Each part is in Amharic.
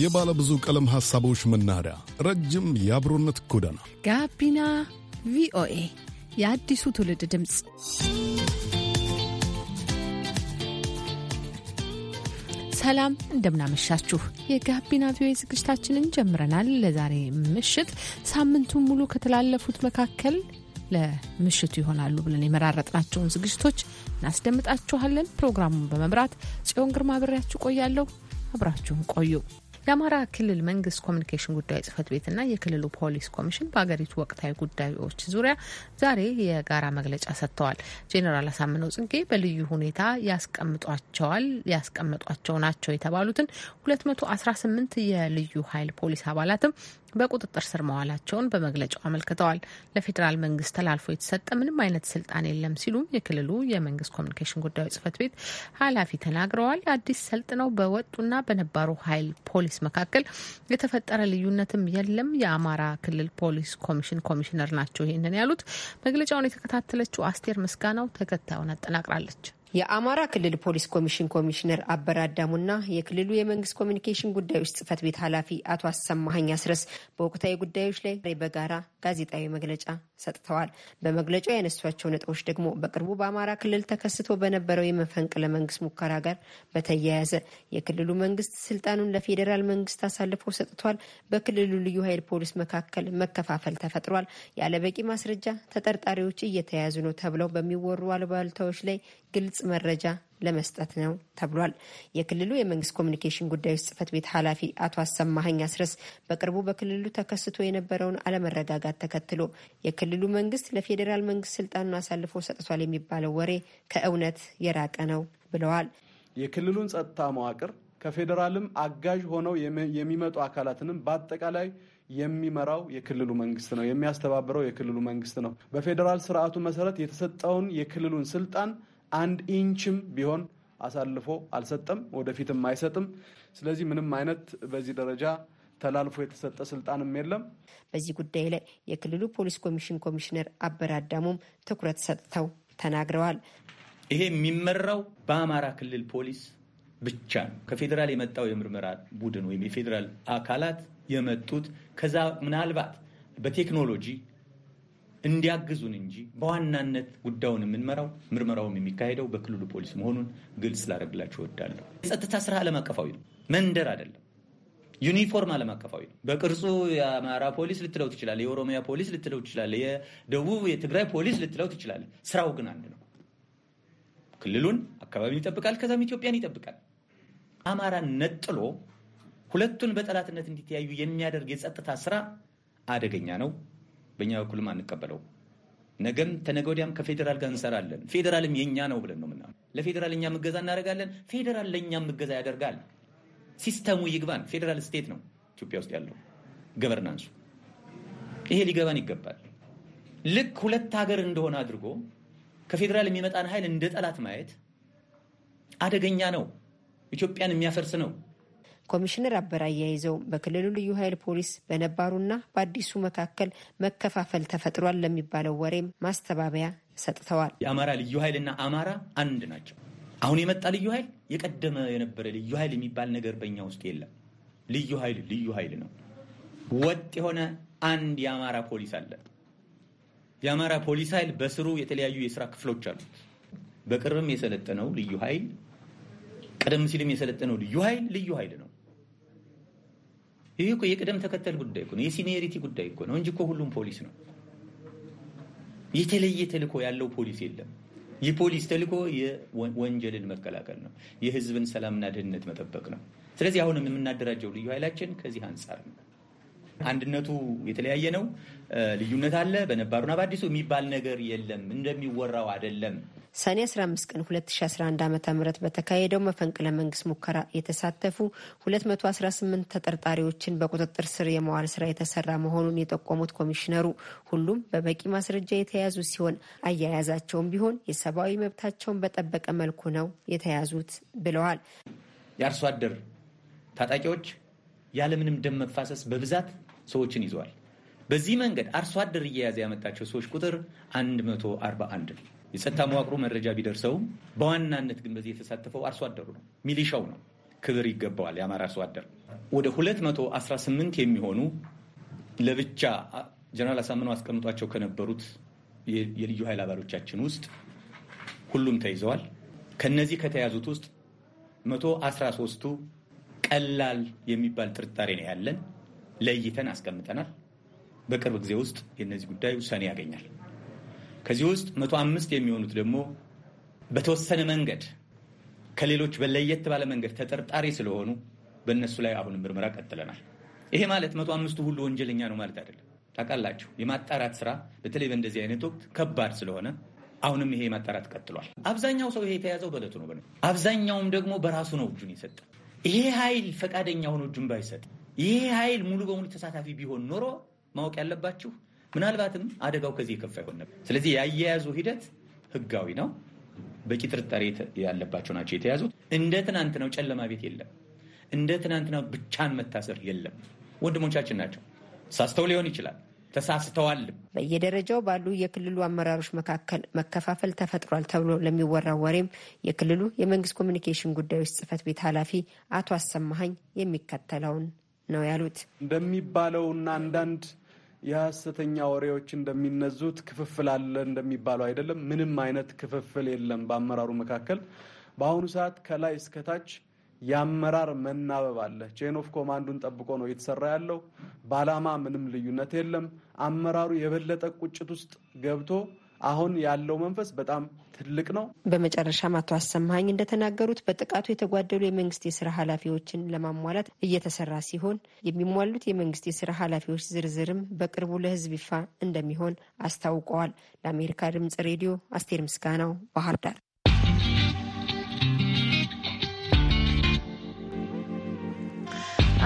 የባለ ብዙ ቀለም ሐሳቦች መናኸሪያ፣ ረጅም የአብሮነት ጎዳና ጋቢና ቪኦኤ የአዲሱ ትውልድ ድምፅ። ሰላም እንደምናመሻችሁ። የጋቢና ቪኦኤ ዝግጅታችንን ጀምረናል። ለዛሬ ምሽት ሳምንቱን ሙሉ ከተላለፉት መካከል ለምሽቱ ይሆናሉ ብለን የመራረጥናቸውን ዝግጅቶች እናስደምጣችኋለን። ፕሮግራሙን በመምራት ጽዮን ግርማ ብሬያችሁ ቆያለሁ። አብራችሁን ቆዩ። የአማራ ክልል መንግስት ኮሚኒኬሽን ጉዳዮች ጽህፈት ቤትና የክልሉ ፖሊስ ኮሚሽን በሀገሪቱ ወቅታዊ ጉዳዮች ዙሪያ ዛሬ የጋራ መግለጫ ሰጥተዋል። ጄኔራል አሳምነው ጽጌ በልዩ ሁኔታ ያስቀምጧቸዋል ያስቀመጧቸው ናቸው የተባሉትን ስምንት የልዩ ኃይል ፖሊስ አባላትም በቁጥጥር ስር መዋላቸውን በመግለጫው አመልክተዋል። ለፌዴራል መንግስት ተላልፎ የተሰጠ ምንም አይነት ስልጣን የለም ሲሉም የክልሉ የመንግስት ኮሚኒኬሽን ጉዳዮች ጽህፈት ቤት ኃላፊ ተናግረዋል። አዲስ ሰልጥነው በወጡና በነባሩ ኃይል ፖሊስ መካከል የተፈጠረ ልዩነትም የለም። የአማራ ክልል ፖሊስ ኮሚሽን ኮሚሽነር ናቸው ይህንን ያሉት። መግለጫውን የተከታተለችው አስቴር ምስጋናው ተከታዩን አጠናቅራለች። የአማራ ክልል ፖሊስ ኮሚሽን ኮሚሽነር አበራዳሙና የክልሉ የመንግስት ኮሚኒኬሽን ጉዳዮች ጽህፈት ቤት ኃላፊ አቶ አሰማሀኝ አስረስ በወቅታዊ ጉዳዮች ላይ በጋራ ጋዜጣዊ መግለጫ ሰጥተዋል። በመግለጫው ያነሷቸው ነጥቦች ደግሞ በቅርቡ በአማራ ክልል ተከስቶ በነበረው የመፈንቅለ መንግስት ሙከራ ጋር በተያያዘ የክልሉ መንግስት ስልጣኑን ለፌዴራል መንግስት አሳልፎ ሰጥቷል፣ በክልሉ ልዩ ኃይል ፖሊስ መካከል መከፋፈል ተፈጥሯል፣ ያለበቂ ማስረጃ ተጠርጣሪዎች እየተያያዙ ነው ተብለው በሚወሩ አሉባልታዎች ላይ ግልጽ መረጃ ለመስጠት ነው ተብሏል። የክልሉ የመንግስት ኮሚኒኬሽን ጉዳዮች ጽህፈት ቤት ኃላፊ አቶ አሰማሀኝ አስረስ በቅርቡ በክልሉ ተከስቶ የነበረውን አለመረጋጋት ተከትሎ የክልሉ መንግስት ለፌዴራል መንግስት ስልጣኑን አሳልፎ ሰጥቷል የሚባለው ወሬ ከእውነት የራቀ ነው ብለዋል። የክልሉን ጸጥታ መዋቅር ከፌዴራልም አጋዥ ሆነው የሚመጡ አካላትንም በአጠቃላይ የሚመራው የክልሉ መንግስት ነው፣ የሚያስተባብረው የክልሉ መንግስት ነው። በፌዴራል ስርዓቱ መሰረት የተሰጠውን የክልሉን ስልጣን አንድ ኢንችም ቢሆን አሳልፎ አልሰጠም፣ ወደፊትም አይሰጥም። ስለዚህ ምንም አይነት በዚህ ደረጃ ተላልፎ የተሰጠ ስልጣንም የለም። በዚህ ጉዳይ ላይ የክልሉ ፖሊስ ኮሚሽን ኮሚሽነር አበራ አዳሙም ትኩረት ሰጥተው ተናግረዋል። ይሄ የሚመራው በአማራ ክልል ፖሊስ ብቻ ነው። ከፌዴራል የመጣው የምርመራ ቡድን ወይም የፌዴራል አካላት የመጡት ከዛ ምናልባት በቴክኖሎጂ እንዲያግዙን እንጂ በዋናነት ጉዳዩን የምንመራው ምርመራውም የሚካሄደው በክልሉ ፖሊስ መሆኑን ግልጽ ላደርግላችሁ እወዳለሁ። የጸጥታ ስራ ዓለም አቀፋዊ ነው፣ መንደር አይደለም። ዩኒፎርም ዓለም አቀፋዊ ነው። በቅርጹ የአማራ ፖሊስ ልትለው ትችላለህ፣ የኦሮሚያ ፖሊስ ልትለው ትችላለህ፣ የደቡብ የትግራይ ፖሊስ ልትለው ትችላለህ። ስራው ግን አንድ ነው። ክልሉን አካባቢን ይጠብቃል፣ ከዛም ኢትዮጵያን ይጠብቃል። አማራን ነጥሎ ሁለቱን በጠላትነት እንዲተያዩ የሚያደርግ የጸጥታ ስራ አደገኛ ነው። በእኛ በኩልም አንቀበለው። ነገም ተነገ ወዲያም ከፌዴራል ጋር እንሰራለን። ፌዴራልም የእኛ ነው ብለን ነው ምና ለፌዴራል እኛ ምገዛ እናደርጋለን። ፌዴራል ለእኛ ምገዛ ያደርጋል። ሲስተሙ ይግባን። ፌዴራል ስቴት ነው ኢትዮጵያ ውስጥ ያለው ገቨርናንሱ። ይሄ ሊገባን ይገባል። ልክ ሁለት ሀገር እንደሆነ አድርጎ ከፌዴራል የሚመጣን ኃይል እንደ ጠላት ማየት አደገኛ ነው፣ ኢትዮጵያን የሚያፈርስ ነው። ኮሚሽነር አበራ አያይዘው በክልሉ ልዩ ኃይል ፖሊስ በነባሩና በአዲሱ መካከል መከፋፈል ተፈጥሯል ለሚባለው ወሬም ማስተባበያ ሰጥተዋል። የአማራ ልዩ ኃይልና አማራ አንድ ናቸው። አሁን የመጣ ልዩ ኃይል የቀደመ የነበረ ልዩ ኃይል የሚባል ነገር በእኛ ውስጥ የለም። ልዩ ኃይል ልዩ ኃይል ነው። ወጥ የሆነ አንድ የአማራ ፖሊስ አለ። የአማራ ፖሊስ ኃይል በስሩ የተለያዩ የስራ ክፍሎች አሉት። በቅርብም የሰለጠነው ልዩ ኃይል ቀደም ሲልም የሰለጠነው ልዩ ኃይል ልዩ ኃይል ነው። ይህ እኮ የቅደም ተከተል ጉዳይ እኮ ነው። የሲኒየሪቲ ጉዳይ እኮ ነው እንጂ እኮ ሁሉም ፖሊስ ነው። የተለየ ተልእኮ ያለው ፖሊስ የለም። የፖሊስ ተልእኮ የወንጀልን መከላከል ነው፣ የህዝብን ሰላምና ደህንነት መጠበቅ ነው። ስለዚህ አሁንም የምናደራጀው ልዩ ኃይላችን ከዚህ አንጻር ነው። አንድነቱ የተለያየ ነው፣ ልዩነት አለ። በነባሩና በአዲሱ የሚባል ነገር የለም። እንደሚወራው አይደለም። ሰኔ 15 ቀን 2011 ዓ ም በተካሄደው መፈንቅለ መንግስት ሙከራ የተሳተፉ 218 ተጠርጣሪዎችን በቁጥጥር ስር የመዋል ስራ የተሰራ መሆኑን የጠቆሙት ኮሚሽነሩ ሁሉም በበቂ ማስረጃ የተያዙ ሲሆን አያያዛቸውም ቢሆን የሰብአዊ መብታቸውን በጠበቀ መልኩ ነው የተያዙት ብለዋል። የአርሶ አደር ታጣቂዎች ያለምንም ደም መፋሰስ በብዛት ሰዎችን ይዘዋል። በዚህ መንገድ አርሶ አደር እየያዘ ያመጣቸው ሰዎች ቁጥር 141 ነው። የጸጥታ መዋቅሩ መረጃ ቢደርሰውም በዋናነት ግን በዚህ የተሳተፈው አርሶ አደሩ ነው፣ ሚሊሻው ነው። ክብር ይገባዋል የአማራ አርሶ አደር። ወደ 218 የሚሆኑ ለብቻ ጀነራል አሳምነው አስቀምጧቸው ከነበሩት የልዩ ኃይል አባሎቻችን ውስጥ ሁሉም ተይዘዋል። ከነዚህ ከተያዙት ውስጥ 113ቱ ቀላል የሚባል ጥርጣሬ ነው ያለን፣ ለይተን አስቀምጠናል። በቅርብ ጊዜ ውስጥ የነዚህ ጉዳይ ውሳኔ ያገኛል። ከዚህ ውስጥ መቶ አምስት የሚሆኑት ደግሞ በተወሰነ መንገድ ከሌሎች በለየት ባለ መንገድ ተጠርጣሪ ስለሆኑ በእነሱ ላይ አሁንም ምርመራ ቀጥለናል። ይሄ ማለት መቶ አምስቱ ሁሉ ወንጀለኛ ነው ማለት አይደለም። ታውቃላችሁ፣ የማጣራት ስራ በተለይ በእንደዚህ አይነት ወቅት ከባድ ስለሆነ አሁንም ይሄ ማጣራት ቀጥሏል። አብዛኛው ሰው ይሄ የተያዘው በለቱ ነው። አብዛኛውም ደግሞ በራሱ ነው እጁን የሰጠ። ይሄ ኃይል ፈቃደኛ ሆኖ እጁን ባይሰጥ፣ ይሄ ኃይል ሙሉ በሙሉ ተሳታፊ ቢሆን ኖሮ ማወቅ ያለባችሁ ምናልባትም አደጋው ከዚህ የከፋ ይሆን ነበር። ስለዚህ የአያያዙ ሂደት ህጋዊ ነው። በቂ ጥርጣሬ ያለባቸው ናቸው የተያዙት። እንደ ትናንት ነው፣ ጨለማ ቤት የለም። እንደ ትናንት ነው፣ ብቻን መታሰር የለም። ወንድሞቻችን ናቸው። ሳስተው ሊሆን ይችላል ተሳስተዋል። በየደረጃው ባሉ የክልሉ አመራሮች መካከል መከፋፈል ተፈጥሯል ተብሎ ለሚወራው ወሬም የክልሉ የመንግስት ኮሚኒኬሽን ጉዳዮች ጽህፈት ቤት ኃላፊ አቶ አሰማሀኝ የሚከተለውን ነው ያሉት። እንደሚባለውና አንዳንድ የሐሰተኛ ወሬዎች እንደሚነዙት ክፍፍል አለ እንደሚባለው አይደለም። ምንም አይነት ክፍፍል የለም በአመራሩ መካከል። በአሁኑ ሰዓት ከላይ እስከታች የአመራር መናበብ አለ። ቼን ኦፍ ኮማንዱን ጠብቆ ነው እየተሰራ ያለው። በዓላማ ምንም ልዩነት የለም። አመራሩ የበለጠ ቁጭት ውስጥ ገብቶ አሁን ያለው መንፈስ በጣም ትልቅ ነው። በመጨረሻም አቶ አሰማኝ እንደተናገሩት በጥቃቱ የተጓደሉ የመንግስት የስራ ኃላፊዎችን ለማሟላት እየተሰራ ሲሆን የሚሟሉት የመንግስት የስራ ኃላፊዎች ዝርዝርም በቅርቡ ለህዝብ ይፋ እንደሚሆን አስታውቀዋል። ለአሜሪካ ድምጽ ሬዲዮ አስቴር ምስጋናው ባህር ዳር።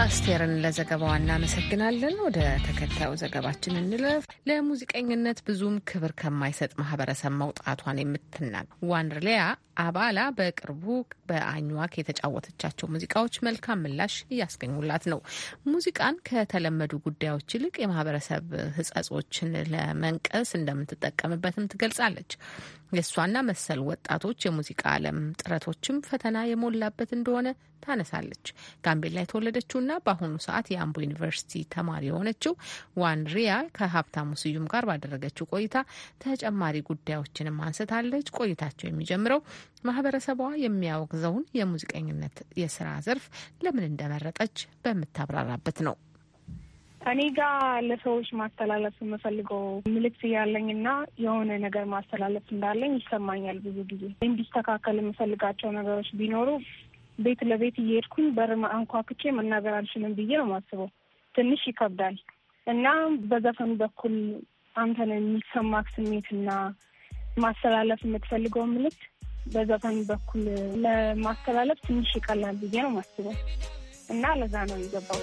አስቴርን ለዘገባዋ እናመሰግናለን። ወደ ተከታዩ ዘገባችን እንለፍ። ለሙዚቀኝነት ብዙም ክብር ከማይሰጥ ማህበረሰብ መውጣቷን የምትናገ ዋንድርሊያ አባላ በቅርቡ በአኝዋክ የተጫወተቻቸው ሙዚቃዎች መልካም ምላሽ እያስገኙላት ነው። ሙዚቃን ከተለመዱ ጉዳዮች ይልቅ የማህበረሰብ ህጸጾችን ለመንቀስ እንደምትጠቀምበትም ትገልጻለች። የእሷና መሰል ወጣቶች የሙዚቃ ዓለም ጥረቶችም ፈተና የሞላበት እንደሆነ ታነሳለች። ጋምቤላ የተወለደችውና በአሁኑ ሰዓት የአምቦ ዩኒቨርሲቲ ተማሪ የሆነችው ዋን ሪያ ከሀብታሙ ስዩም ጋር ባደረገችው ቆይታ ተጨማሪ ጉዳዮችንም አንስታለች። ቆይታቸው የሚጀምረው ማህበረሰቧ የሚያወግዘውን የሙዚቀኝነት የስራ ዘርፍ ለምን እንደመረጠች በምታብራራበት ነው። እኔ ጋር ለሰዎች ማስተላለፍ የምፈልገው ምልክት እያለኝና የሆነ ነገር ማስተላለፍ እንዳለኝ ይሰማኛል። ብዙ ጊዜ እንዲስተካከል የምፈልጋቸው ነገሮች ቢኖሩ ቤት ለቤት እየሄድኩኝ በር አንኳኩቼ መናገር አልችልም ብዬ ነው የማስበው። ትንሽ ይከብዳል እና በዘፈን በኩል አንተን የሚሰማክ ስሜትና ማስተላለፍ የምትፈልገው ምልክት በዘፈን በኩል ለማስተላለፍ ትንሽ ይቀላል ብዬ ነው የማስበው እና ለዛ ነው የገባው።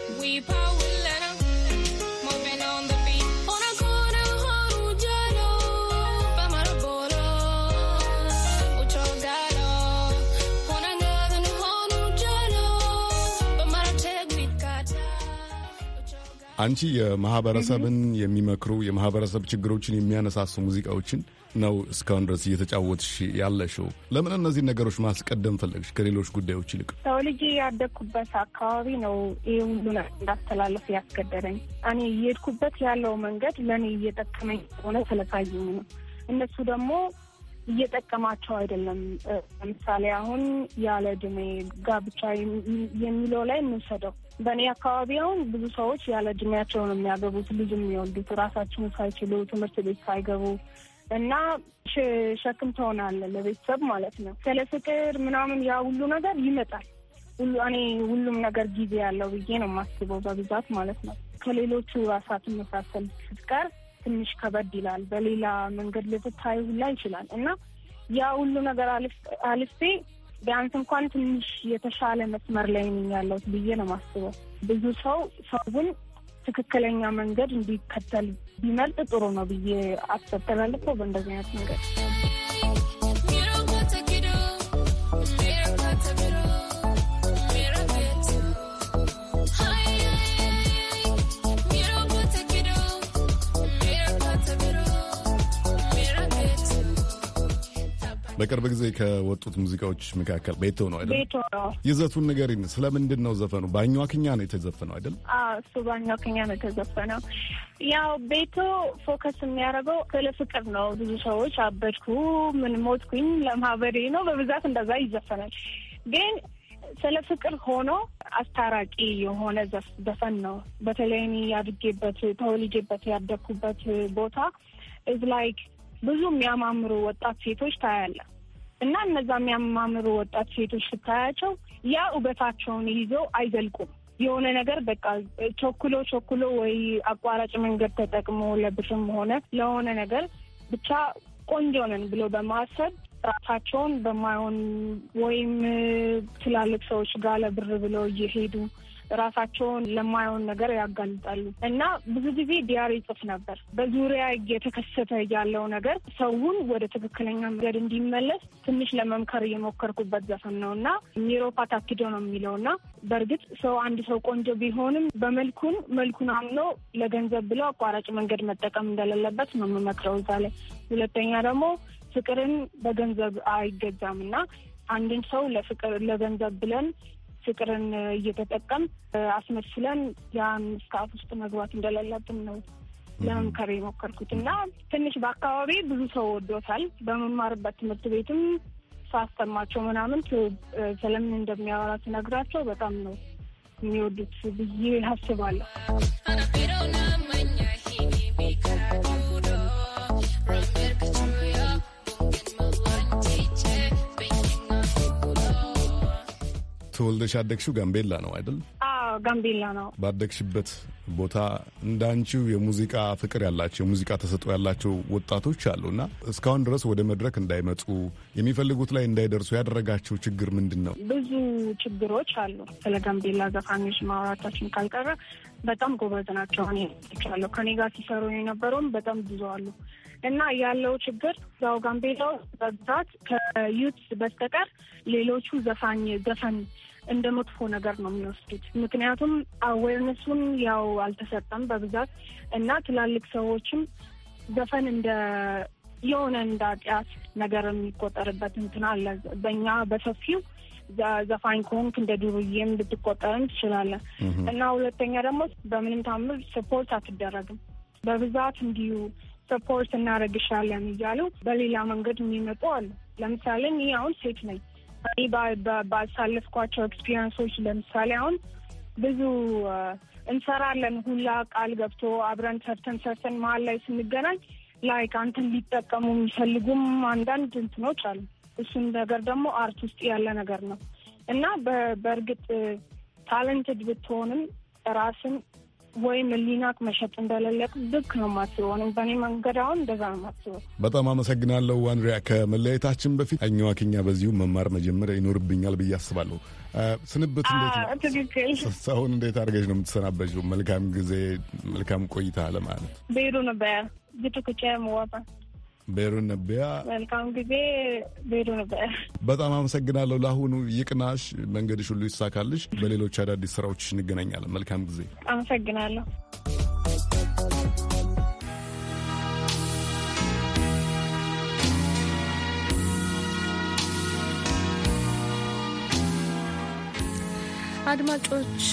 አንቺ የማህበረሰብን የሚመክሩ የማህበረሰብ ችግሮችን የሚያነሳሱ ሙዚቃዎችን ነው እስካሁን ድረስ እየተጫወትሽ ያለሽው። ለምን እነዚህ ነገሮች ማስቀደም ፈለግሽ ከሌሎች ጉዳዮች ይልቅ? ሰው ልጅ ያደግኩበት አካባቢ ነው ይህ ሁሉ እንዳስተላለፍ ያስገደደኝ። እኔ እየሄድኩበት ያለው መንገድ ለእኔ እየጠቀመኝ ሆነ ስለታየኝ ነው። እነሱ ደግሞ እየጠቀማቸው አይደለም። ለምሳሌ አሁን ያለ እድሜ ጋብቻ የሚለው ላይ እንውሰደው በእኔ አካባቢ አሁን ብዙ ሰዎች ያለ እድሜያቸው ነው የሚያገቡት ልጅ የሚወልዱት ራሳቸውን ሳይችሉ ትምህርት ቤት ሳይገቡ እና ሸክም ትሆናለህ ለቤተሰብ ማለት ነው። ስለ ፍቅር ምናምን ያ ሁሉ ነገር ይመጣል። ሁሉ እኔ ሁሉም ነገር ጊዜ ያለው ብዬ ነው የማስበው በብዛት ማለት ነው። ከሌሎቹ ራሳት መሳሰል ስትቀር ትንሽ ከበድ ይላል። በሌላ መንገድ ልትታይ ሁላ ይችላል እና ያ ሁሉ ነገር አልፌ ቢያንስ እንኳን ትንሽ የተሻለ መስመር ላይ ነኝ ያለሁት ብዬ ነው ማስበው። ብዙ ሰው ሰውን ትክክለኛ መንገድ እንዲከተል ቢመርጥ ጥሩ ነው ብዬ አስበተላለሁ። በእንደዚህ አይነት መንገድ በቅርብ ጊዜ ከወጡት ሙዚቃዎች መካከል ቤቶ ነው አይደል? ቤቶ ነው። ይዘቱን ንገሪን። ስለምንድን ነው ዘፈኑ? ባኟክኛ ነው የተዘፈነው አይደል? እሱ ባኟክኛ ነው የተዘፈነው። ያው ቤቶ ፎከስ የሚያደርገው ስለ ፍቅር ነው። ብዙ ሰዎች አበድኩ፣ ምን ሞትኩኝ ለማህበሬ ነው በብዛት እንደዛ ይዘፈናል። ግን ስለ ፍቅር ሆኖ አስታራቂ የሆነ ዘፈን ነው። በተለይ ያድጌበት ተወልጄበት ያደግኩበት ቦታ ኢዝ ላይክ ብዙ የሚያማምሩ ወጣት ሴቶች ታያለ እና እነዛ የሚያማምሩ ወጣት ሴቶች ስታያቸው ያ ውበታቸውን ይዘው አይዘልቁም። የሆነ ነገር በቃ ቸኩሎ ቸኩሎ ወይ አቋራጭ መንገድ ተጠቅሞ ለብርም ሆነ ለሆነ ነገር ብቻ ቆንጆ ነን ብሎ በማሰብ ራሳቸውን በማይሆን ወይም ትላልቅ ሰዎች ጋር ለብር ብለው እየሄዱ ራሳቸውን ለማየውን ነገር ያጋልጣሉ እና ብዙ ጊዜ ዲያሪ ይጽፍ ነበር። በዙሪያ የተከሰተ ያለው ነገር ሰውን ወደ ትክክለኛ መንገድ እንዲመለስ ትንሽ ለመምከር እየሞከርኩበት ዘፈን ነው እና ኒሮፓት አኪዶ ነው የሚለው እና በእርግጥ ሰው አንድ ሰው ቆንጆ ቢሆንም በመልኩን መልኩን አምኖ ለገንዘብ ብሎ አቋራጭ መንገድ መጠቀም እንደሌለበት ነው የምመክረው እዛ ላይ። ሁለተኛ ደግሞ ፍቅርን በገንዘብ አይገዛም እና አንድን ሰው ለፍቅር ለገንዘብ ብለን ፍቅርን እየተጠቀም አስመስለን ያን ስካፍ ውስጥ መግባት እንደሌለብን ነው ለመምከር የሞከርኩት እና ትንሽ በአካባቢ ብዙ ሰው ወዶታል። በመማርበት ትምህርት ቤትም ሳስተማቸው ምናምን ስለምን እንደሚያወራ ስነግራቸው በጣም ነው የሚወዱት ብዬ አስባለሁ። ተወልደሽ ያደግሽው ጋምቤላ ነው አይደል? ጋምቤላ ነው። ባደግሽበት ቦታ እንዳንቺው የሙዚቃ ፍቅር ያላቸው የሙዚቃ ተሰጥኦ ያላቸው ወጣቶች አሉና እስካሁን ድረስ ወደ መድረክ እንዳይመጡ የሚፈልጉት ላይ እንዳይደርሱ ያደረጋቸው ችግር ምንድን ነው? ብዙ ችግሮች አሉ። ስለ ጋምቤላ ዘፋኞች ማውራታችን ካልቀረ በጣም ጎበዝ ናቸው። እኔ ቻለሁ ከኔ ጋር ሲሰሩ የነበረውም በጣም ብዙ አሉ እና ያለው ችግር እዛው ጋምቤላ በብዛት ከዩት በስተቀር ሌሎቹ ዘፋኝ ዘፈን እንደ መጥፎ ነገር ነው የሚወስዱት። ምክንያቱም አዌርነሱን ያው አልተሰጠም በብዛት እና ትላልቅ ሰዎችም ዘፈን እንደ የሆነ እንደ ኃጢአት ነገር የሚቆጠርበት እንትን አለ። በእኛ በሰፊው ዘፋኝ ከሆንክ እንደ ዱርዬም ልትቆጠርም ትችላለን እና ሁለተኛ ደግሞ በምንም ታምር ስፖርት አትደረግም በብዛት እንዲሁ ሰፖርት እናደርግሻለን እያሉ በሌላ መንገድ የሚመጡ አሉ። ለምሳሌ እኔ አሁን ሴት ነኝ። እኔ ባሳለፍኳቸው ኤክስፒሪንሶች ለምሳሌ አሁን ብዙ እንሰራለን ሁላ ቃል ገብቶ አብረን ሰርተን ሰርተን መሀል ላይ ስንገናኝ ላይክ አንተን ሊጠቀሙ የሚፈልጉም አንዳንድ እንትኖች አሉ። እሱን ነገር ደግሞ አርት ውስጥ ያለ ነገር ነው እና በእርግጥ ታለንትድ ብትሆንም ራስን ወይም ሊናቅ መሸጥ እንደሌለቅ ልክ ነው ማስበው። በእኔ መንገድ አሁን እንደዛ ነው ማስበው። በጣም አመሰግናለሁ አንድሪያ። ከመለያየታችን በፊት አኛዋ አኛዋክኛ በዚሁ መማር መጀመር ይኖርብኛል ብዬ አስባለሁ። ስንብት እንዴት ነው? ትክክል ሰውን እንዴት አድርገሽ ነው የምትሰናበችው? መልካም ጊዜ መልካም ቆይታ ለማለት ቤሩ ነበር ቤሩን ነቢያ መልካም ጊዜ ቤሩ ነቢያ፣ በጣም አመሰግናለሁ። ለአሁኑ ይቅናሽ፣ መንገድሽ ሁሉ ይሳካልሽ። በሌሎች አዳዲስ ስራዎች እንገናኛለን። መልካም ጊዜ። አመሰግናለሁ። አድማጮች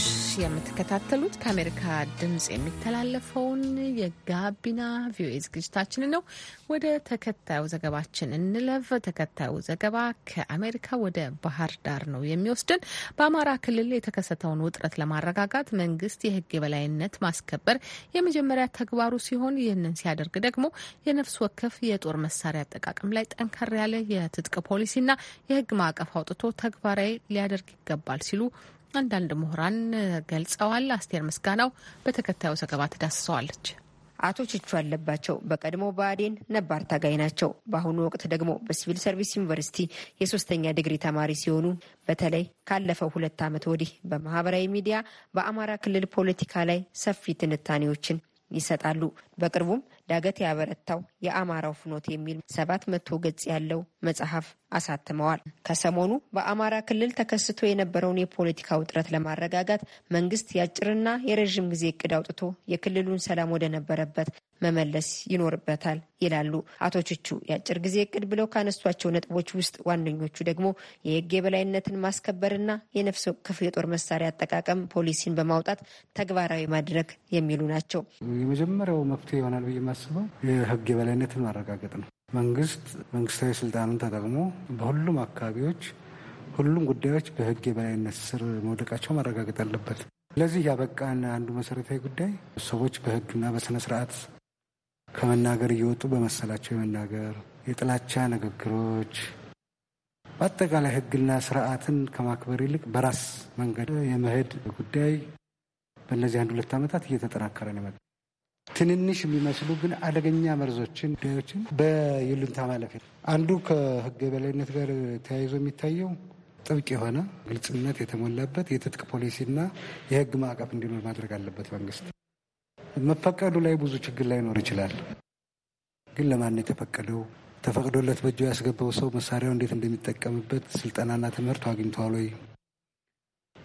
የምትከታተሉት ከአሜሪካ ድምፅ የሚተላለፈውን የጋቢና ቪኦኤ ዝግጅታችንን ነው። ወደ ተከታዩ ዘገባችን እንለፍ። ተከታዩ ዘገባ ከአሜሪካ ወደ ባህር ዳር ነው የሚወስድን። በአማራ ክልል የተከሰተውን ውጥረት ለማረጋጋት መንግስት የህግ የበላይነት ማስከበር የመጀመሪያ ተግባሩ ሲሆን ይህንን ሲያደርግ ደግሞ የነፍስ ወከፍ የጦር መሳሪያ አጠቃቀም ላይ ጠንከር ያለ የትጥቅ ፖሊሲና የህግ ማዕቀፍ አውጥቶ ተግባራዊ ሊያደርግ ይገባል ሲሉ አንዳንድ ምሁራን ገልጸዋል። አስቴር ምስጋናው በተከታዩ ዘገባ ትዳስሰዋለች። አቶ ችቹ አለባቸው በቀድሞ ብአዴን ነባር ታጋይ ናቸው። በአሁኑ ወቅት ደግሞ በሲቪል ሰርቪስ ዩኒቨርሲቲ የሶስተኛ ዲግሪ ተማሪ ሲሆኑ በተለይ ካለፈው ሁለት ዓመት ወዲህ በማህበራዊ ሚዲያ በአማራ ክልል ፖለቲካ ላይ ሰፊ ትንታኔዎችን ይሰጣሉ። በቅርቡም ዳገት ያበረታው የአማራው ፍኖት የሚል ሰባት መቶ ገጽ ያለው መጽሐፍ አሳትመዋል። ከሰሞኑ በአማራ ክልል ተከስቶ የነበረውን የፖለቲካ ውጥረት ለማረጋጋት መንግስት የአጭርና የረዥም ጊዜ እቅድ አውጥቶ የክልሉን ሰላም ወደነበረበት መመለስ ይኖርበታል ይላሉ አቶ ቹቹ። የአጭር ጊዜ እቅድ ብለው ካነሷቸው ነጥቦች ውስጥ ዋነኞቹ ደግሞ የህግ የበላይነትን ማስከበርና የነፍስ ወከፍ የጦር መሳሪያ አጠቃቀም ፖሊሲን በማውጣት ተግባራዊ ማድረግ የሚሉ ናቸው። የመጀመሪያው መፍትሄ ይሆናል ብዬ የማስበው የህግ የበላይነትን ማረጋገጥ ነው። መንግስት መንግስታዊ ስልጣንን ተጠቅሞ በሁሉም አካባቢዎች ሁሉም ጉዳዮች በህግ የበላይነት ስር መውደቃቸው ማረጋገጥ አለበት። ለዚህ ያበቃን አንዱ መሰረታዊ ጉዳይ ሰዎች በህግና በስነ ስርዓት ከመናገር እየወጡ በመሰላቸው የመናገር የጥላቻ ንግግሮች፣ በአጠቃላይ ህግና ስርዓትን ከማክበር ይልቅ በራስ መንገድ የመሄድ ጉዳይ በእነዚህ አንድ ሁለት ዓመታት እየተጠናከረ ነው ትንንሽ የሚመስሉ ግን አደገኛ መርዞችን ጉዳዮችን በይሉንታ ማለፍ አንዱ ከህገ በላይነት ጋር ተያይዞ የሚታየው ጥብቅ የሆነ ግልጽነት የተሞላበት የትጥቅ ፖሊሲና የህግ ማዕቀፍ እንዲኖር ማድረግ አለበት። መንግስት መፈቀዱ ላይ ብዙ ችግር ላይኖር ይችላል። ግን ለማን የተፈቀደው ተፈቅዶለት በእጁ ያስገባው ሰው መሳሪያው እንዴት እንደሚጠቀምበት ስልጠናና ትምህርት አግኝቷል ወይ?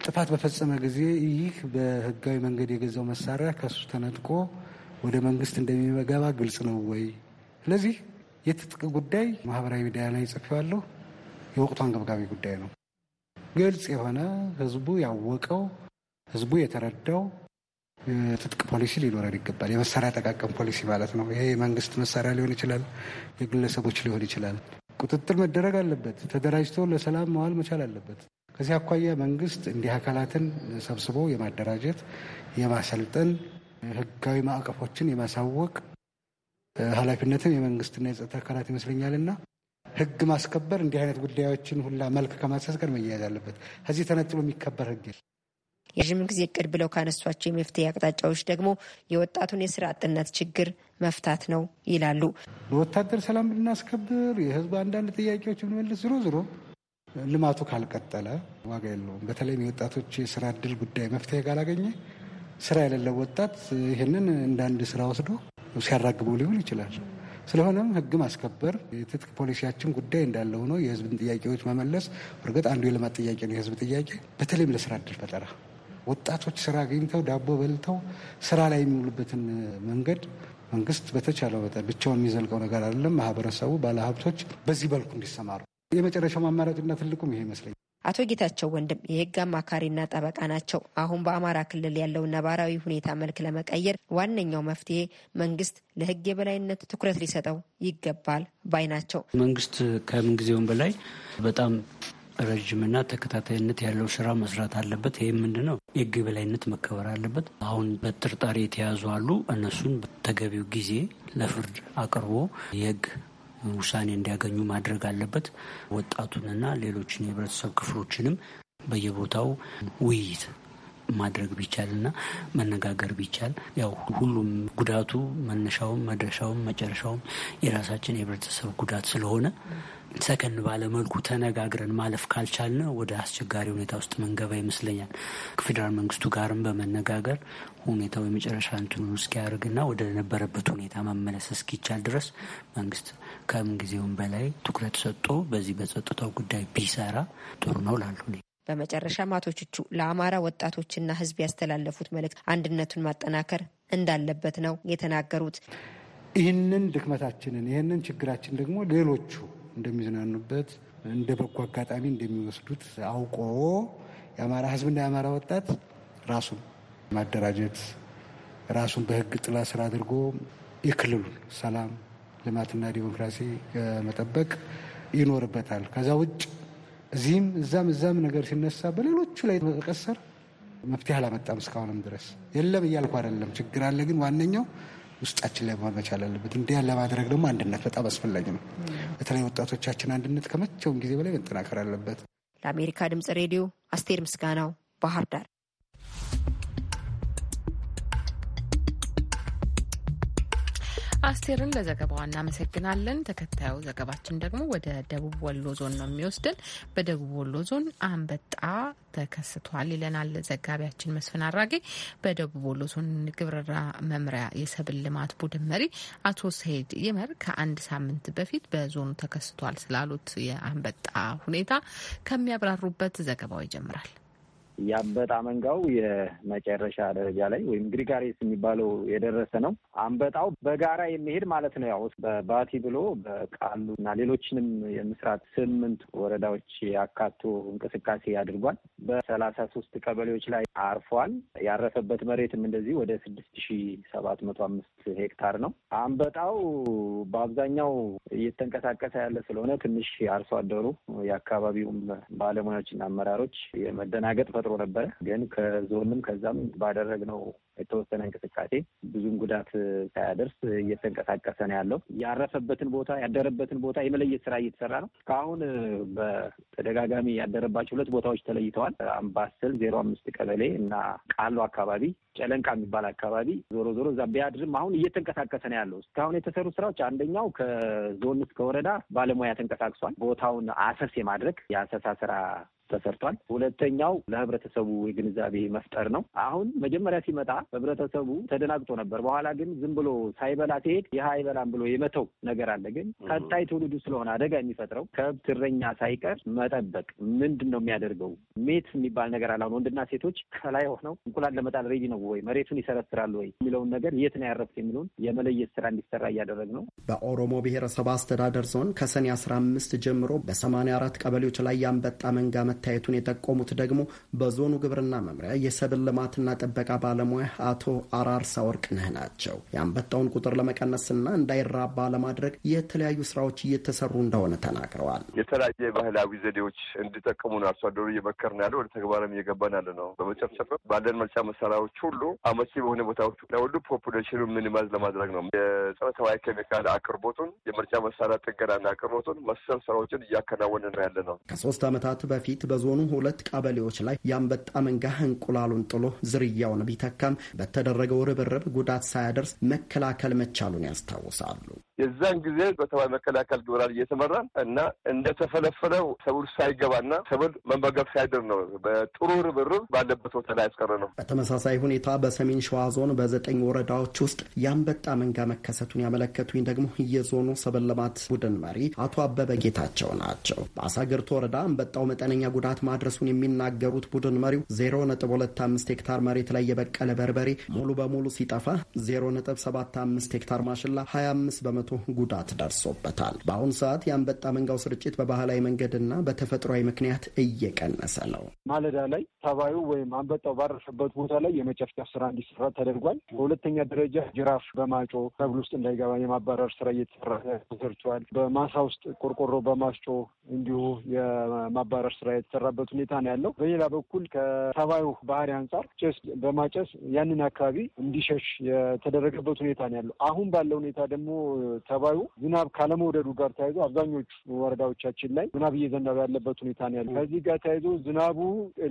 ጥፋት በፈጸመ ጊዜ ይህ በህጋዊ መንገድ የገዛው መሳሪያ ከሱ ተነጥቆ ወደ መንግስት እንደሚገባ ግልጽ ነው ወይ? ስለዚህ የትጥቅ ጉዳይ ማህበራዊ ሚዲያ ላይ ጽፌዋለሁ። የወቅቱ አንገብጋቢ ጉዳይ ነው። ግልጽ የሆነ ህዝቡ ያወቀው ህዝቡ የተረዳው የትጥቅ ፖሊሲ ሊኖረን ይገባል። የመሳሪያ አጠቃቀም ፖሊሲ ማለት ነው። ይሄ የመንግስት መሳሪያ ሊሆን ይችላል፣ የግለሰቦች ሊሆን ይችላል። ቁጥጥር መደረግ አለበት። ተደራጅቶ ለሰላም መዋል መቻል አለበት። ከዚህ አኳያ መንግስት እንዲህ አካላትን ሰብስቦ የማደራጀት የማሰልጠን ህጋዊ ማዕቀፎችን የማሳወቅ ኃላፊነትም የመንግስትና የጸጥታ አካላት ይመስለኛልና ህግ ማስከበር እንዲህ አይነት ጉዳዮችን ሁላ መልክ ከማሰስ ጋር መያያዝ አለበት። ከዚህ ተነጥሎ የሚከበር ህግ የረዥም ጊዜ እቅድ ብለው ካነሷቸው የመፍትሄ አቅጣጫዎች ደግሞ የወጣቱን የስራ አጥነት ችግር መፍታት ነው ይላሉ። በወታደር ሰላም ብናስከብር፣ የህዝቡ አንዳንድ ጥያቄዎች ብንመልስ፣ ዝሮ ዝሮ ልማቱ ካልቀጠለ ዋጋ የለውም። በተለይም የወጣቶች የስራ እድል ጉዳይ መፍትሄ ካላገኘ ስራ የሌለው ወጣት ይህንን እንደ አንድ ስራ ወስዶ ሲያራግበው ሊሆን ይችላል። ስለሆነም ህግ ማስከበር የትጥቅ ፖሊሲያችን ጉዳይ እንዳለ ሆኖ የህዝብን ጥያቄዎች መመለስ እርግጥ አንዱ የልማት ጥያቄ ነው። የህዝብ ጥያቄ በተለይም ለስራ እድል ፈጠራ ወጣቶች ስራ አግኝተው ዳቦ በልተው ስራ ላይ የሚውሉበትን መንገድ መንግስት በተቻለው መጠን ብቻውን የሚዘልቀው ነገር አይደለም። ማህበረሰቡ፣ ባለሀብቶች በዚህ በልኩ እንዲሰማሩ የመጨረሻው አማራጭና ትልቁም ይሄ ይመስለኛል። አቶ ጌታቸው ወንድም የህግ አማካሪና ጠበቃ ናቸው። አሁን በአማራ ክልል ያለውን ነባራዊ ሁኔታ መልክ ለመቀየር ዋነኛው መፍትሄ መንግስት ለህግ የበላይነት ትኩረት ሊሰጠው ይገባል ባይ ናቸው። መንግስት ከምንጊዜውም በላይ በጣም ረዥምና ተከታታይነት ያለው ስራ መስራት አለበት። ይህ ምንድን ነው? የህግ የበላይነት መከበር አለበት። አሁን በጥርጣሬ የተያዙ አሉ። እነሱን በተገቢው ጊዜ ለፍርድ አቅርቦ የህግ ውሳኔ እንዲያገኙ ማድረግ አለበት። ወጣቱንና ሌሎችን የህብረተሰብ ክፍሎችንም በየቦታው ውይይት ማድረግ ቢቻል መነጋገር ቢቻል ያው ሁሉም ጉዳቱ መነሻውም መድረሻውም መጨረሻውም የራሳችን የህብረተሰብ ጉዳት ስለሆነ ሰከን ባለመልኩ ተነጋግረን ማለፍ ካልቻልን ወደ አስቸጋሪ ሁኔታ ውስጥ መንገባ ይመስለኛል። ከፌዴራል መንግስቱ ጋርም በመነጋገር ሁኔታው የመጨረሻ እንትኑ እስኪያደርግና ወደ ነበረበት ሁኔታ መመለስ እስኪቻል ድረስ መንግስት ከምን ጊዜውም በላይ ትኩረት ሰጥቶ በዚህ በጸጥታው ጉዳይ ቢሰራ ጥሩ ነው ላሉ በመጨረሻ ማቶቹቹ ለአማራ ወጣቶችና ህዝብ ያስተላለፉት መልእክት አንድነቱን ማጠናከር እንዳለበት ነው የተናገሩት። ይህንን ድክመታችንን ይህንን ችግራችን ደግሞ ሌሎቹ እንደሚዝናኑበት እንደ በጎ አጋጣሚ እንደሚወስዱት አውቆ የአማራ ሕዝብና የአማራ ወጣት ራሱን ማደራጀት ራሱን በህግ ጥላ ስራ አድርጎ የክልሉን ሰላም ልማትና ዲሞክራሲ መጠበቅ ይኖርበታል። ከዛ ውጭ እዚህም እዛም እዛም ነገር ሲነሳ በሌሎቹ ላይ መቀሰር መፍትሄ አላመጣም። እስካሁንም ድረስ የለም እያልኩ አይደለም። ችግር አለ ግን ዋነኛው ውስጣችን ላይ መሆን መቻል አለበት። እንዲያ ለማድረግ ደግሞ አንድነት በጣም አስፈላጊ ነው። በተለይ ወጣቶቻችን አንድነት ከመቼውም ጊዜ በላይ መጠናከር አለበት። ለአሜሪካ ድምጽ ሬዲዮ አስቴር ምስጋናው ባህር ዳር። አስቴርን ለዘገባዋ እናመሰግናለን። ተከታዩ ዘገባችን ደግሞ ወደ ደቡብ ወሎ ዞን ነው የሚወስድን። በደቡብ ወሎ ዞን አንበጣ ተከስቷል ይለናል ዘጋቢያችን መስፍን አራጌ። በደቡብ ወሎ ዞን ግብርና መምሪያ የሰብል ልማት ቡድን መሪ አቶ ሰይድ ይመር ከአንድ ሳምንት በፊት በዞኑ ተከስቷል ስላሉት የአንበጣ ሁኔታ ከሚያብራሩበት ዘገባው ይጀምራል። የአንበጣ መንጋው የመጨረሻ ደረጃ ላይ ወይም ግሪጋሬስ የሚባለው የደረሰ ነው። አንበጣው በጋራ የሚሄድ ማለት ነው። ያው በባቲ ብሎ በቃሉ እና ሌሎችንም የምስራት ስምንት ወረዳዎች ያካቶ እንቅስቃሴ አድርጓል። በሰላሳ ሶስት ቀበሌዎች ላይ አርፏል። ያረፈበት መሬትም እንደዚህ ወደ ስድስት ሺ ሰባት መቶ አምስት ሄክታር ነው። አንበጣው በአብዛኛው እየተንቀሳቀሰ ያለ ስለሆነ ትንሽ አርሶ አደሩ የአካባቢውም ባለሙያዎችና አመራሮች የመደናገጥ ፈጥሮ ተፈጥሮ ነበረ። ግን ከዞንም ከዛም ባደረግነው የተወሰነ እንቅስቃሴ ብዙም ጉዳት ሳያደርስ እየተንቀሳቀሰ ነው ያለው። ያረፈበትን ቦታ ያደረበትን ቦታ የመለየት ስራ እየተሰራ ነው። እስካሁን በተደጋጋሚ ያደረባቸው ሁለት ቦታዎች ተለይተዋል። አምባሰል ዜሮ አምስት ቀበሌ እና ቃሉ አካባቢ ጨለንቃ የሚባል አካባቢ ዞሮ ዞሮ እዛ ቢያድርም አሁን እየተንቀሳቀሰ ነው ያለው። እስካሁን የተሰሩ ስራዎች አንደኛው ከዞን እስከ ወረዳ ባለሙያ ተንቀሳቅሷል። ቦታውን አሰስ የማድረግ የአሰሳ ስራ ተሰርቷል። ሁለተኛው ለህብረተሰቡ የግንዛቤ መፍጠር ነው። አሁን መጀመሪያ ሲመጣ ህብረተሰቡ ተደናግጦ ነበር። በኋላ ግን ዝም ብሎ ሳይበላ ሲሄድ ይህ አይበላም ብሎ የመተው ነገር አለ። ግን ቀጣይ ትውልዱ ስለሆነ አደጋ የሚፈጥረው ከብት እረኛ ሳይቀር መጠበቅ ምንድን ነው የሚያደርገው? ሜት የሚባል ነገር አለ። አሁን ወንድና ሴቶች ከላይ ሆነው እንቁላል ለመጣል ሬዲ ነው ወይ መሬቱን ይሰረስራሉ ወይ የሚለውን ነገር የት ነው ያረፉት የሚለውን የመለየት ስራ እንዲሰራ እያደረግ ነው። በኦሮሞ ብሔረሰብ አስተዳደር ዞን ከሰኔ አስራ አምስት ጀምሮ በሰማንያ አራት ቀበሌዎች ላይ የአንበጣ መንጋ መታየቱን የጠቆሙት ደግሞ በዞኑ ግብርና መምሪያ የሰብል ልማትና ጥበቃ ባለሙያ አቶ አራርሳ ወርቅነህ ናቸው። የአንበጣውን ቁጥር ለመቀነስና እንዳይራባ ለማድረግ የተለያዩ ስራዎች እየተሰሩ እንደሆነ ተናግረዋል። የተለያየ ባህላዊ ዘዴዎች እንዲጠቀሙን አርሶ አደሩ እየመከርን ነው ያለ ወደ ተግባርም እየገባን ያለ ነው። በመጨብጨብ ባለን መልጫ መሳሪያዎች ሁሉ አመቺ በሆነ ቦታዎች ለሁሉ ፖፑሌሽኑ ሚኒማይዝ ለማድረግ ነው። የጸረ ተባይ ኬሚካል አቅርቦቱን፣ የመርጫ መሳሪያ ጥገናና አቅርቦቱን መሰል ስራዎችን እያከናወን ነው ያለ ነው። ከሶስት አመታት በፊት በዞኑ ሁለት ቀበሌዎች ላይ የአንበጣ መንጋ እንቁላሉን ጥሎ ዝርያውን ቢተካም በተደረገው ርብርብ ጉዳት ሳያደርስ መከላከል መቻሉን ያስታውሳሉ። የዛን ጊዜ በተባይ መከላከል ግብራል እየተመራ እና እንደተፈለፈለው ሰብል ሳይገባና ሰብል መመገብ ሳይድር ነው በጥሩ ርብርብ ባለበት ቦታ ላይ ያስቀረ ነው። በተመሳሳይ ሁኔታ በሰሜን ሸዋ ዞን በዘጠኝ ወረዳዎች ውስጥ የአንበጣ መንጋ መከሰቱን ያመለከቱኝ ደግሞ የዞኑ ሰብል ልማት ቡድን መሪ አቶ አበበ ጌታቸው ናቸው። በአሳ ገርቶ ወረዳ አንበጣው መጠነኛ ጉዳት ማድረሱን የሚናገሩት ቡድን መሪው ዜሮ ነጥብ ሁለት አምስት ሄክታር መሬት ላይ የበቀለ በርበሬ ሙሉ በሙሉ ሲጠፋ ዜሮ ነጥብ ሰባት አምስት ሄክታር ማሽላ ሀያ አምስት በመ በመቶ ጉዳት ደርሶበታል። በአሁኑ ሰዓት የአንበጣ መንጋው ስርጭት በባህላዊ መንገድና በተፈጥሯዊ ምክንያት እየቀነሰ ነው። ማለዳ ላይ ተባዩ ወይም አንበጣው ባረፈበት ቦታ ላይ የመጨፍጨፍ ስራ እንዲሰራ ተደርጓል። በሁለተኛ ደረጃ ጅራፍ በማጮ ሰብል ውስጥ እንዳይገባ የማባረር ስራ እየተሰራ ተሰርቷል። በማሳ ውስጥ ቆርቆሮ በማስጮ እንዲሁ የማባረር ስራ የተሰራበት ሁኔታ ነው ያለው። በሌላ በኩል ከተባዩ ባህሪ አንጻር ጭስ በማጨስ ያንን አካባቢ እንዲሸሽ የተደረገበት ሁኔታ ነው ያለው። አሁን ባለው ሁኔታ ደግሞ ተባዩ ዝናብ ካለመውደዱ ጋር ተያይዞ አብዛኞቹ ወረዳዎቻችን ላይ ዝናብ እየዘነበ ያለበት ሁኔታ ነው ያለ። ከዚህ ጋር ተያይዞ ዝናቡ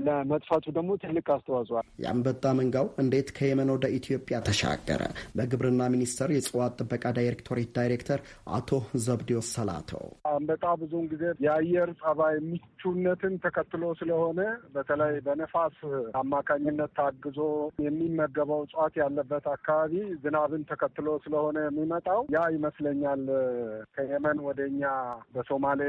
ለመጥፋቱ ደግሞ ትልቅ አስተዋጽኦ አለ። የአንበጣ መንጋው እንዴት ከየመን ወደ ኢትዮጵያ ተሻገረ? በግብርና ሚኒስቴር የእጽዋት ጥበቃ ዳይሬክቶሬት ዳይሬክተር አቶ ዘብዲዮስ ሰላተው አንበጣ ብዙውን ጊዜ የአየር ጸባይ ምቹነትን ተከትሎ ስለሆነ በተለይ በነፋስ አማካኝነት ታግዞ የሚመገበው እጽዋት ያለበት አካባቢ ዝናብን ተከትሎ ስለሆነ የሚመጣው ያ ይመስለኛል ከየመን ወደ እኛ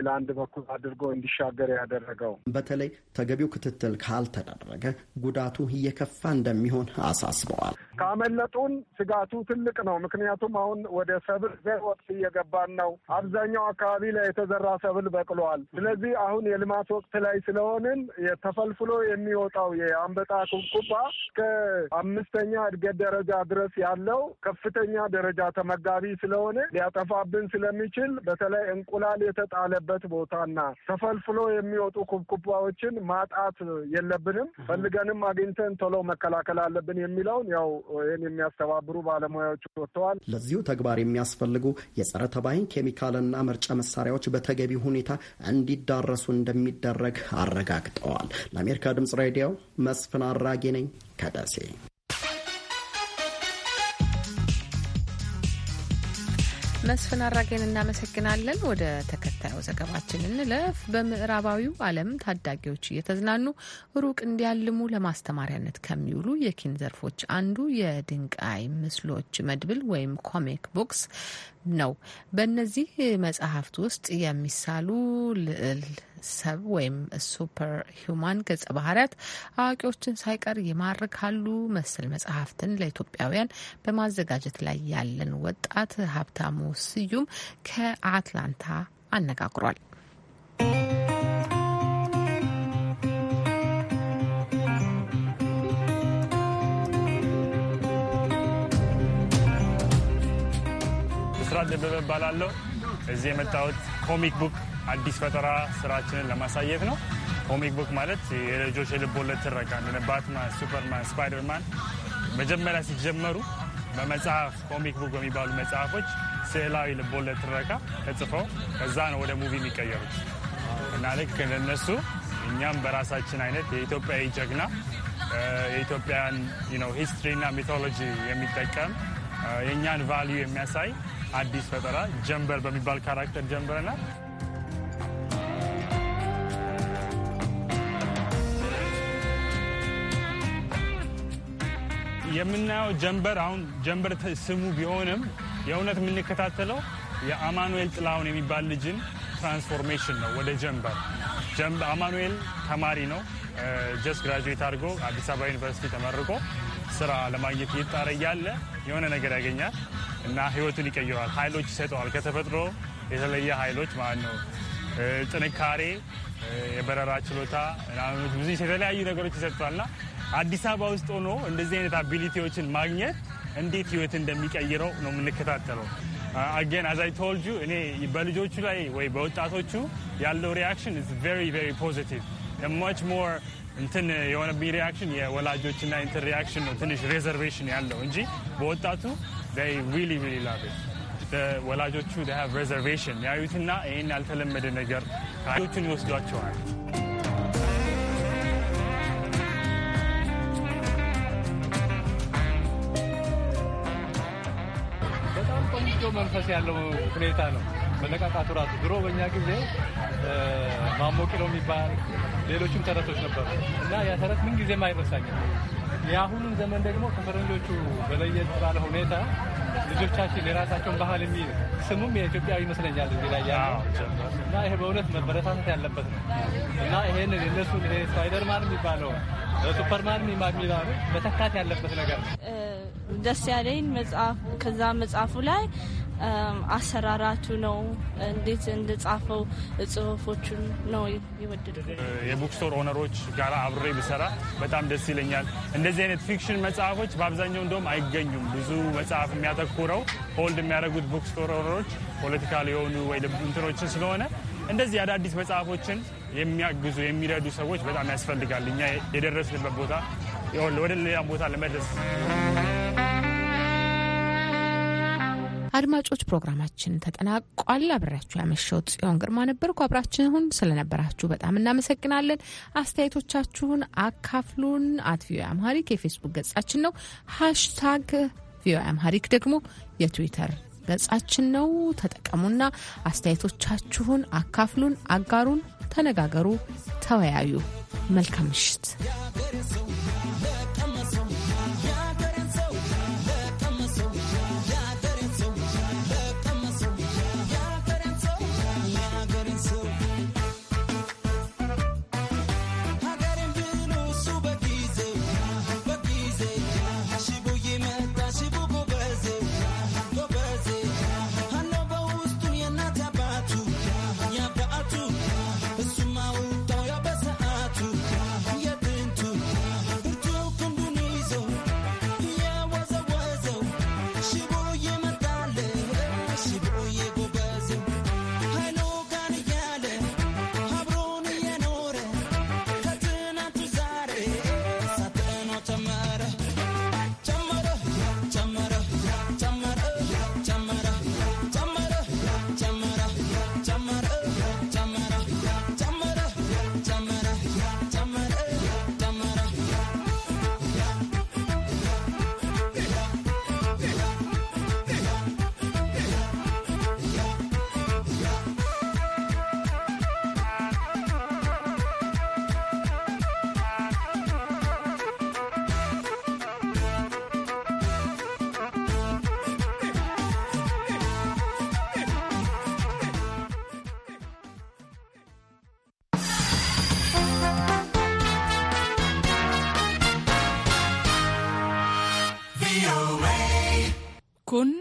ለአንድ በኩል አድርጎ እንዲሻገር ያደረገው። በተለይ ተገቢው ክትትል ካልተደረገ ጉዳቱ እየከፋ እንደሚሆን አሳስበዋል። ካመለጡን ስጋቱ ትልቅ ነው። ምክንያቱም አሁን ወደ ሰብል ዘር ወቅት እየገባን ነው። አብዛኛው አካባቢ ላይ የተዘራ ሰብል በቅሏል። ስለዚህ አሁን የልማት ወቅት ላይ ስለሆንን ተፈልፍሎ የሚወጣው የአንበጣ ኩብኩባ እስከ አምስተኛ እድገት ደረጃ ድረስ ያለው ከፍተኛ ደረጃ ተመጋቢ ስለሆነ ሊያጠፋብን ስለሚችል በተለይ እንቁላል የተጣለበት ቦታና ተፈልፍሎ የሚወጡ ኩብኩባዎችን ማጣት የለብንም። ፈልገንም አግኝተን ቶሎ መከላከል አለብን የሚለውን ያው ይህን የሚያስተባብሩ ባለሙያዎች ወጥተዋል። ለዚሁ ተግባር የሚያስፈልጉ የጸረ ተባይን ኬሚካልና መርጫ መሳሪያዎች በተገቢ ሁኔታ እንዲዳረሱ እንደሚደረግ አረጋግጠዋል። ለአሜሪካ ድምጽ ሬዲዮ መስፍን አራጌ ነኝ ከደሴ። መስፍን አራጌን እናመሰግናለን። ወደ ተከታዩ ዘገባችን እንለፍ። በምዕራባዊው ዓለም ታዳጊዎች እየተዝናኑ ሩቅ እንዲያልሙ ለማስተማሪያነት ከሚውሉ የኪን ዘርፎች አንዱ የድንቃይ ምስሎች መድብል ወይም ኮሚክ ቦክስ ነው። በእነዚህ መጽሐፍት ውስጥ የሚሳሉ ልዕል ሰብ ወይም ሱፐር ሂውማን ገጸ ባህርያት አዋቂዎችን ሳይቀር ይማርካሉ መሰል መጽሐፍትን ለኢትዮጵያውያን በማዘጋጀት ላይ ያለን ወጣት ሀብታሙ ስዩም ከአትላንታ አነጋግሯል። ስራ ደበበ እባላለሁ። እዚህ የመጣሁት ኮሚክ ቡክ አዲስ ፈጠራ ስራችንን ለማሳየት ነው። ኮሚክ ቡክ ማለት የልጆች የልቦለድ ትረካ እንደ ባትማን፣ ሱፐርማን፣ ስፓይደርማን መጀመሪያ ሲጀመሩ በመጽሐፍ ኮሚክ ቡክ በሚባሉ መጽሐፎች ስዕላዊ ልቦለድ ትረካ ተጽፈው ከዛ ነው ወደ ሙቪ የሚቀየሩት እና ልክ እንደነሱ እኛም በራሳችን አይነት የኢትዮጵያዊ ጀግና የኢትዮጵያን ሂስትሪ እና ሚቶሎጂ የሚጠቀም የእኛን ቫሊዩ የሚያሳይ አዲስ ፈጠራ ጀንበር በሚባል ካራክተር ጀንበርና የምናየው ጀንበር አሁን ጀንበር ስሙ ቢሆንም የእውነት የምንከታተለው የአማኑኤል ጥላሁን የሚባል ልጅን ትራንስፎርሜሽን ነው ወደ ጀንበር። አማኑኤል ተማሪ ነው። ጀስት ግራጁዌት አድርጎ አዲስ አበባ ዩኒቨርሲቲ ተመርቆ ስራ ለማግኘት እየጣረ እያለ የሆነ ነገር ያገኛል እና ህይወቱን ይቀይረዋል። ኃይሎች ይሰጠዋል። ከተፈጥሮ የተለየ ኃይሎች ማለት ነው። ጥንካሬ፣ የበረራ ችሎታ፣ ብዙ የተለያዩ ነገሮች ይሰጥቷልና አዲስ አበባ ውስጥ ሆኖ እንደዚህ አይነት አቢሊቲዎችን ማግኘት እንዴት ህይወት እንደሚቀይረው ነው የምንከታተለው። አገን አዛይ ቶልጁ እኔ በልጆቹ ላይ ወይ በወጣቶቹ ያለው ሪያክሽን ቨሪ ቬሪ ፖዚቲቭ ማች ሞር እንትን የሆነብኝ ሪያክሽን የወላጆችና እንትን ሪያክሽን ነው ትንሽ ሬዘርቬሽን ያለው እንጂ በወጣቱ ወላጆቹ ሬዘርቬሽን ያዩትና ይህን ያልተለመደ ነገር ቹን ይወስዷቸዋል። በጣም ቆንጆ መንፈስ ያለው ሁኔታ ነው። መነቃቃቱ ራሱ ድሮ በእኛ ጊዜ ማሞቂሎ የሚባል ሌሎችም ተረቶች ነበሩ እና ያ ተረት ምን ጊዜም አይረሳኝም። የአሁኑን ዘመን ደግሞ ከፈረንጆቹ በለየት ባለ ሁኔታ ልጆቻችን የራሳቸውን ባህል የሚል ስሙም የኢትዮጵያዊ ይመስለኛል እዚህ ላይ ያለ እና ይሄ በእውነት መበረታታት ያለበት ነው እና ይሄን የእነሱን ይሄ ስፓይደርማን የሚባለው ሱፐርማን የሚባለው መተካት ያለበት ነገር ደስ ያለኝ መጽሐፍ ከዛ መጽሐፉ ላይ አሰራራቱ ነው እንዴት እንደጻፈው ጽሁፎቹን ነው የወደድኩት። የቡክስቶር ኦነሮች ጋር አብሬ ብሰራ በጣም ደስ ይለኛል። እንደዚህ አይነት ፊክሽን መጽሐፎች በአብዛኛው እንደውም አይገኙም። ብዙ መጽሐፍ የሚያተኩረው ሆልድ የሚያደርጉት ቡክስቶር ኦነሮች ፖለቲካል የሆኑ ወይ እንትኖችን ስለሆነ እንደዚህ አዳዲስ መጽሐፎችን የሚያግዙ የሚረዱ ሰዎች በጣም ያስፈልጋል። እኛ የደረስንበት ቦታ ወደ ሌላ ቦታ ለመድረስ አድማጮች ፕሮግራማችን ተጠናቋል። አብሬያችሁ ያመሸሁት ጽዮን ግርማ ነበርኩ። አብራችሁን ስለነበራችሁ በጣም እናመሰግናለን። አስተያየቶቻችሁን አካፍሉን። አት ቪኦኤ አምሃሪክ የፌስቡክ ገጻችን ነው። ሃሽታግ ቪኦኤ አምሃሪክ ደግሞ የትዊተር ገጻችን ነው። ተጠቀሙና አስተያየቶቻችሁን አካፍሉን፣ አጋሩን፣ ተነጋገሩ፣ ተወያዩ። መልካም ምሽት። Kunden